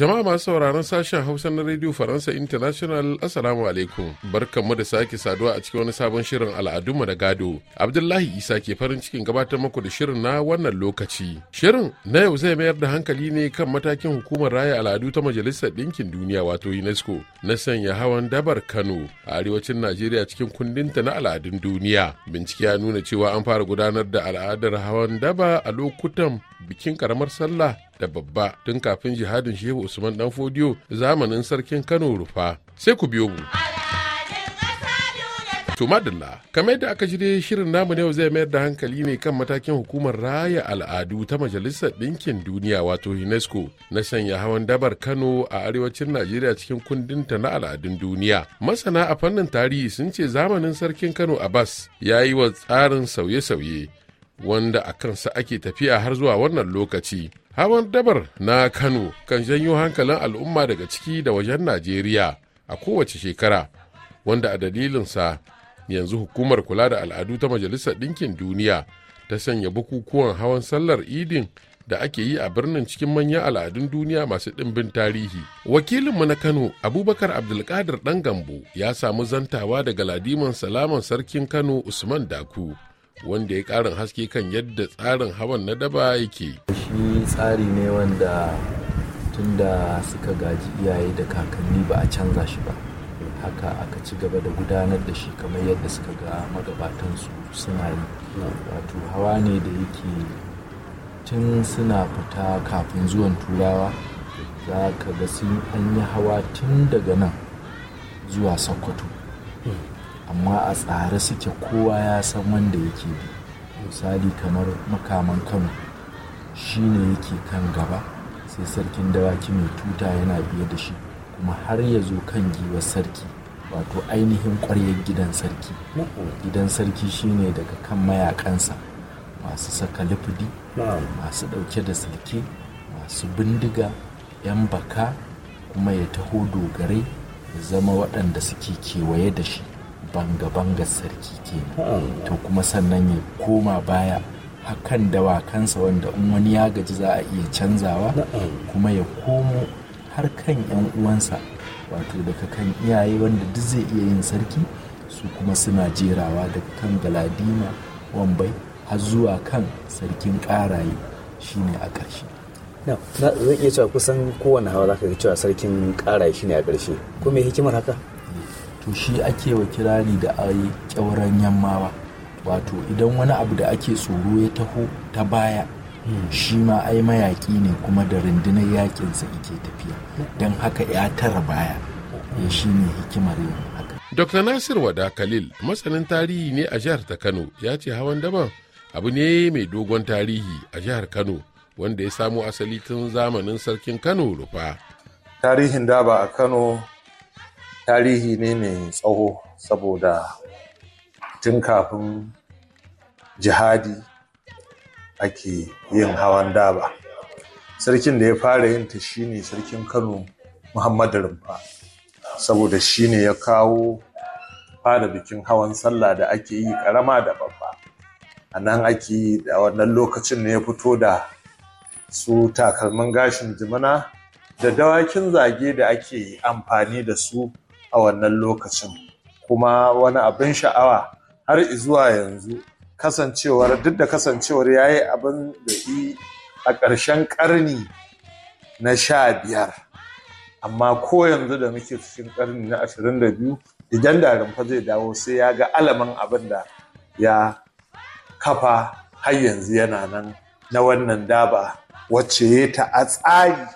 Jama'a masu sauraron sashen Hausa na Radio Faransa International Assalamu alaikum. Barkanmu da sake saduwa a cikin wani sabon shirin al'adunmu da gado. Abdullahi Isa ke farin cikin gabatar muku da shirin na wannan lokaci. Shirin na yau zai mayar da hankali ne kan matakin hukumar raya al'adu ta Majalisar Ɗinkin Duniya wato UNESCO na sanya hawan dabar Kano a arewacin Najeriya cikin kundinta na al'adun duniya. Bincike ya nuna cewa an fara gudanar da al'adar hawan daba a lokutan bikin karamar sallah da babba tun kafin jihadin shehu usman dan fodiyo zamanin sarkin kano rufa sai ku biyo mu tumadilla kamar yadda aka shirya shirin namu yau zai mayar da hankali ne kan matakin hukumar raya al'adu ta majalisar ɗinkin duniya wato unesco na sanya hawan dabar kano a arewacin najeriya cikin kundinta na al'adun duniya masana a fannin tarihi sun ce zamanin sarkin kano abbas ya yi wa tsarin sauye-sauye wanda a kansa ake tafiya har zuwa wannan lokaci Hawan dabar na Kano kan janyo hankalin al'umma daga ciki da wajen Najeriya a kowace shekara, wanda a dalilinsa yanzu hukumar kula da al'adu ta Majalisar Ɗinkin Duniya ta sanya bukukuwan hawan sallar idin da ake yi a birnin cikin manyan al'adun duniya masu ɗimbin tarihi. Wakilinmu na Kano, Abubakar Abdulkadir ɗan Gambo, ya samu zantawa daga ladiman salaman sarkin Kano Usman Daku. wanda ya karin haske kan yadda tsarin hawan na daba yake shi tsari ne wanda tunda suka gaji iyaye da kakanni ba a canza shi ba haka aka ci gaba da gudanar da shi kamar yadda suka ga magabatansu suna yi wato hawa ne da yake tun suna fita kafin zuwan turawa za ka ga sun an yi hawa tun daga nan zuwa sokoto amma a tsare suke kowa ya san wanda yake bi misali kamar makaman kano shi ne yake kan gaba sai sarkin dawaki mai tuta yana biye da shi kuma har ya zo kan giwar sarki wato ainihin ƙwaryar gidan sarki gidan sarki shine daga kan mayakansa masu saka lifidi masu ɗauke da sarki masu bindiga 'yan baka kuma ya taho dogarai ya zama waɗanda suke kewaye da shi banga-banga sarki ke hmm. to kuma sannan ya koma baya hakan dawakansa wanda in wani ya gaji za a iya canzawa hmm. kuma ya komo har kan 'yan uwansa wato daga kan iyaye wanda duk zai iya yin sarki su kuma suna jerawa daga kan galadima wambai har zuwa kan sarkin karaye shine a ƙarshe zan iya cewa kusan kowane hawa za ka ga cewa sarkin karaye shine a ƙarshe ko hikimar haka to shi ake wa kirari da a kyauran yammawa wato idan wani abu da ake tsoro ya taho ta baya hmm. shi ma ai mayaƙi ne kuma da rundunar yaƙinsa ike tafiya don haka ya tara baya ya eh, shi ne hikimar yin haka. Dr. Nasir Wada Khalil masanin tarihi ne a jihar ta Kano ya ce hawan daban abu ne mai dogon tarihi a jihar Kano wanda ya samo asali tun zamanin sarkin Kano rufa. Tarihin daba a Kano tarihi ne mai tsawo saboda tun kafin jihadi ake yin hawan daba sarkin da ya fara yin ta shine sarkin kano muhammadu rumfa saboda shine ya kawo fara bikin hawan sallah da ake yi karama da babba a nan ake yi da wannan lokacin ne ya fito da su takalmin gashin jimina da dawakin zage da ake amfani da su a wannan lokacin kuma wani abin sha'awa har zuwa yanzu kasancewar duk da kasancewar ya yi abin da yi a ƙarshen ƙarni na sha biyar amma ko yanzu da muke cikin ƙarni na ashirin da biyu idan da rumfa zai dawo sai ya ga alaman abin da ya kafa har yanzu yana nan na wannan daba wacce ya ta a tsari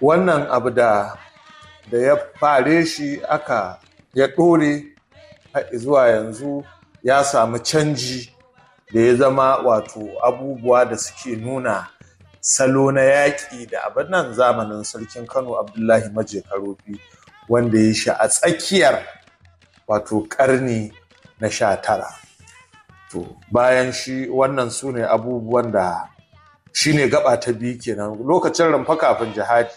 wannan abu da da ya fare shi aka ya ɗore zuwa yanzu ya samu canji da ya zama wato abubuwa da suke nuna salo na yaƙi da abin nan zamanin sarkin kano abdullahi maje karofi wanda ya shi a tsakiyar wato ƙarni na sha tara to bayan shi wannan su ne abubuwan da shi ne gaba ta biyu kenan lokacin rumfa kafin jihadi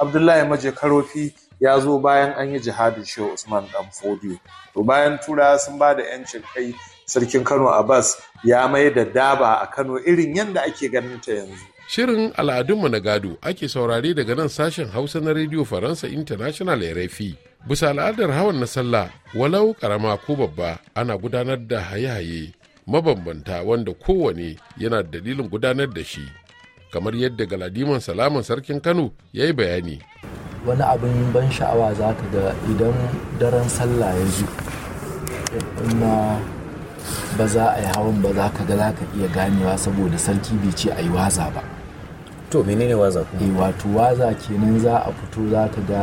abdullahi maje karofi ya zo bayan an yi jihadin shehu usman dan fodiyo to bayan tura sun ba da yancin kai sarkin kano abbas ya mai da daba a kano irin yadda ake ganin ta yanzu Shirin al'adunmu na gado ake saurare daga nan sashen Hausa na rediyo Faransa International RFI. Bisa al'adar hawan na sallah walau karama ko babba ana gudanar da haye-haye mabambanta wanda kowane yana dalilin gudanar da shi. Kamar yadda Galadiman Salaman Sarkin Kano ya yi bayani. wani abin ban sha'awa za ka ga idan daren sallah ya zo na ba za a yi hawan ba za ka ga za ka iya ganewa saboda sarki bai ce a yi waza ba to menene waza kuma eh, wato waza kenan za a fito za ka ga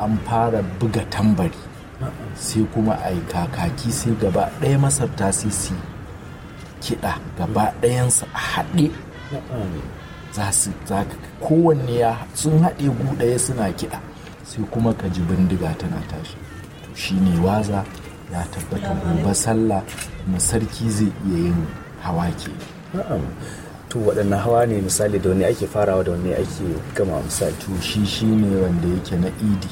an fara buga tambari sai kuma a yi kakaki sai gaba ɗaya masarta sai kiɗa gaba ɗayansa a haɗe za su kowanne ya sun haɗe guɗaya suna kiɗa sai kuma ka ji bindiga tana tashi to ne waza ya tabbata gobe sallah kuma sarki zai iya yin hawa ke to waɗannan hawa ne misali da wani ake farawa da wani ake gama misali to shi shine wanda yake na idi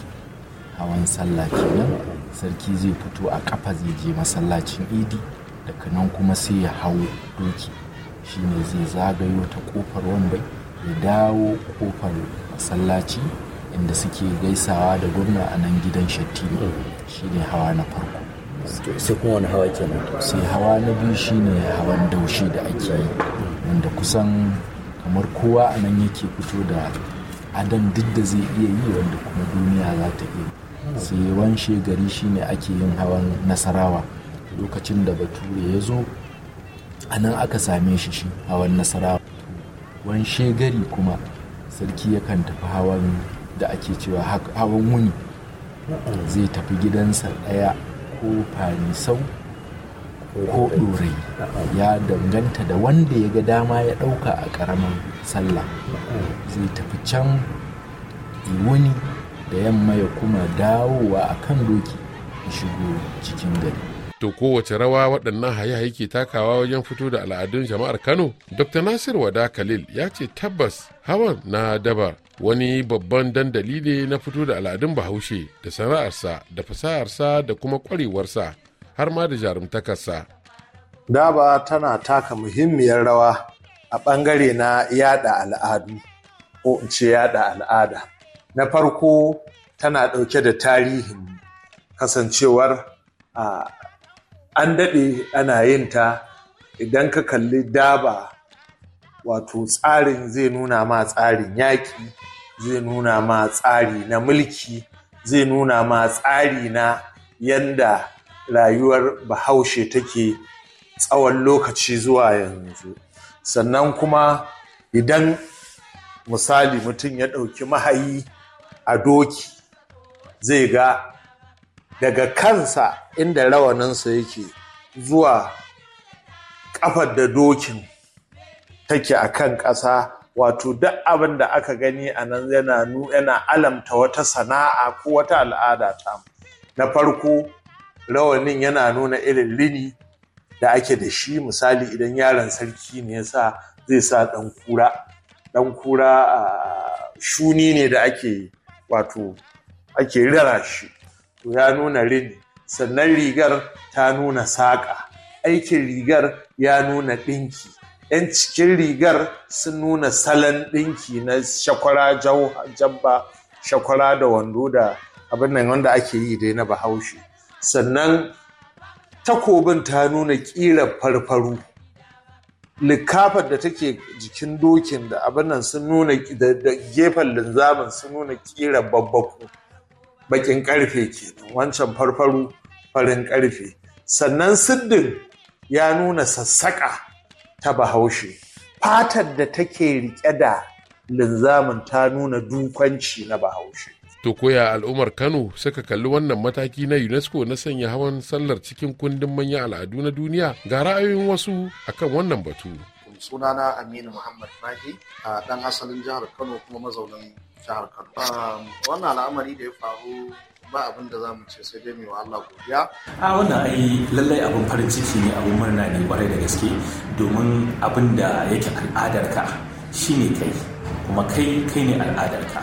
hawan sallah kenan sarki zai fito a kafa zai je masallacin idi daga nan kuma sai ya hau doki shine zai zagayo ta kofar wanda ya dawo kofar masallaci inda suke gaisawa da gwamna a nan gidan Shi shine hawa na farko sai kuma wani hawa kenan sai hawa na biyu shine hawan daushe da ake yi wanda kusan kamar kowa a nan yake fito da adan duk da zai iya yi wanda kuma duniya za ta iya sai wanshe gari shine ake yin hawan nasarawa lokacin da bature ya zo a nan aka same shi shi hawan nasarawa wani shegari kuma sarki yakan tafi hawan da ake cewa hawan wuni zai tafi gidansa ɗaya ko sau ko ɗorai ya danganta da wanda ya ga dama ya ɗauka a ƙaramin sallah zai tafi can wuni da yamma ya kuma dawowa a kan doki shigo cikin gari To kowace rawa waɗannan haye-haye ke takawa wajen fito da al'adun jama'ar Kano? Dr. Nasir Wada Khalil ya ce tabbas hawan na daba wani babban dandali ne na fito da al'adun Bahaushe da sana'arsa da fasaharsa da kuma ƙwarewarsa har ma da jarumtakarsa. Daba tana taka muhimmiyar rawa a ɓangare na yada al'adu ko in ce yada al'ada. Na farko tana ɗauke da tarihin kasancewar a ah, an daɗe ana yin ta idan ka kalli daba wato tsarin zai nuna ma tsarin yaƙi zai nuna ma tsari na mulki zai nuna ma tsari na yanda rayuwar bahaushe take tsawon lokaci zuwa yanzu sannan kuma idan misali mutum ya ɗauki mahayi a doki zai ga daga kansa inda rawaninsa yake zuwa kafar da dokin take a kan ƙasa wato duk abin da aka gani a nan yana yana alamta wata sana'a ko wata al'ada ta na farko rawanin yana nuna irin lini da ake da shi misali idan yaron sarki ne yasa zai sa ɗan kura ɗan kura ah, shuni ne da ake wato ake rara shi to ya nuna rini sannan rigar ta nuna saƙa aikin rigar ya nuna ɗinki yan cikin rigar sun nuna salon ɗinki na shakwara jabba shakwara da wando da abin nan wanda ake yi dai na bahaushe sannan takobin ta nuna ƙira farfaru likafar da take jikin dokin da abin nan sun nuna da gefen linzamin sun nuna ƙira babbaku bakin karfe kenan wancan farfaru farin karfe sannan siddin ya nuna sassaka ta bahaushe fatar da take riƙe da linzamin ta nuna dukwanci na bahaushe To koya al'ummar Kano suka kalli wannan mataki na UNESCO na sanya hawan sallar cikin kundin manyan al'adu na duniya ga ra'ayoyin wasu akan wannan batu. Sunana Aminu Muhammad Mahi a ɗan asalin jihar Kano kuma mazaunin jihar Kano. Um, wannan al'amari da ya faru ba abin da za mu ce sai dai wa Allah godiya. A wannan ai lallai abin farin ciki ne abin murna ne kwarai da gaske domin abin da yake ka shine kai kuma kai kai ne al'adarka.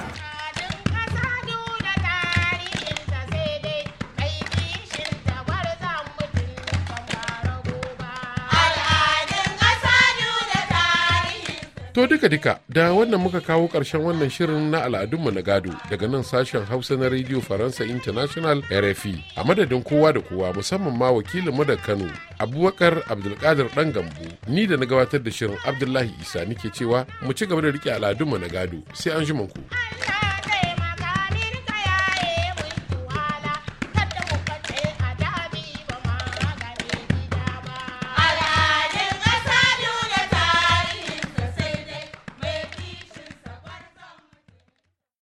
To duka-duka da wannan muka kawo ƙarshen wannan shirin na al'adunmu na gado daga nan sashen Hausa na Radio Faransa International RFI a madadin kowa da kowa musamman ma wakilin mu da Kano Abubakar Abdulkadir ɗan gambo ni da na gabatar da shirin Abdullahi Isa nike cewa mu ci gaba da riƙe al'adunmu na gado sai an ku.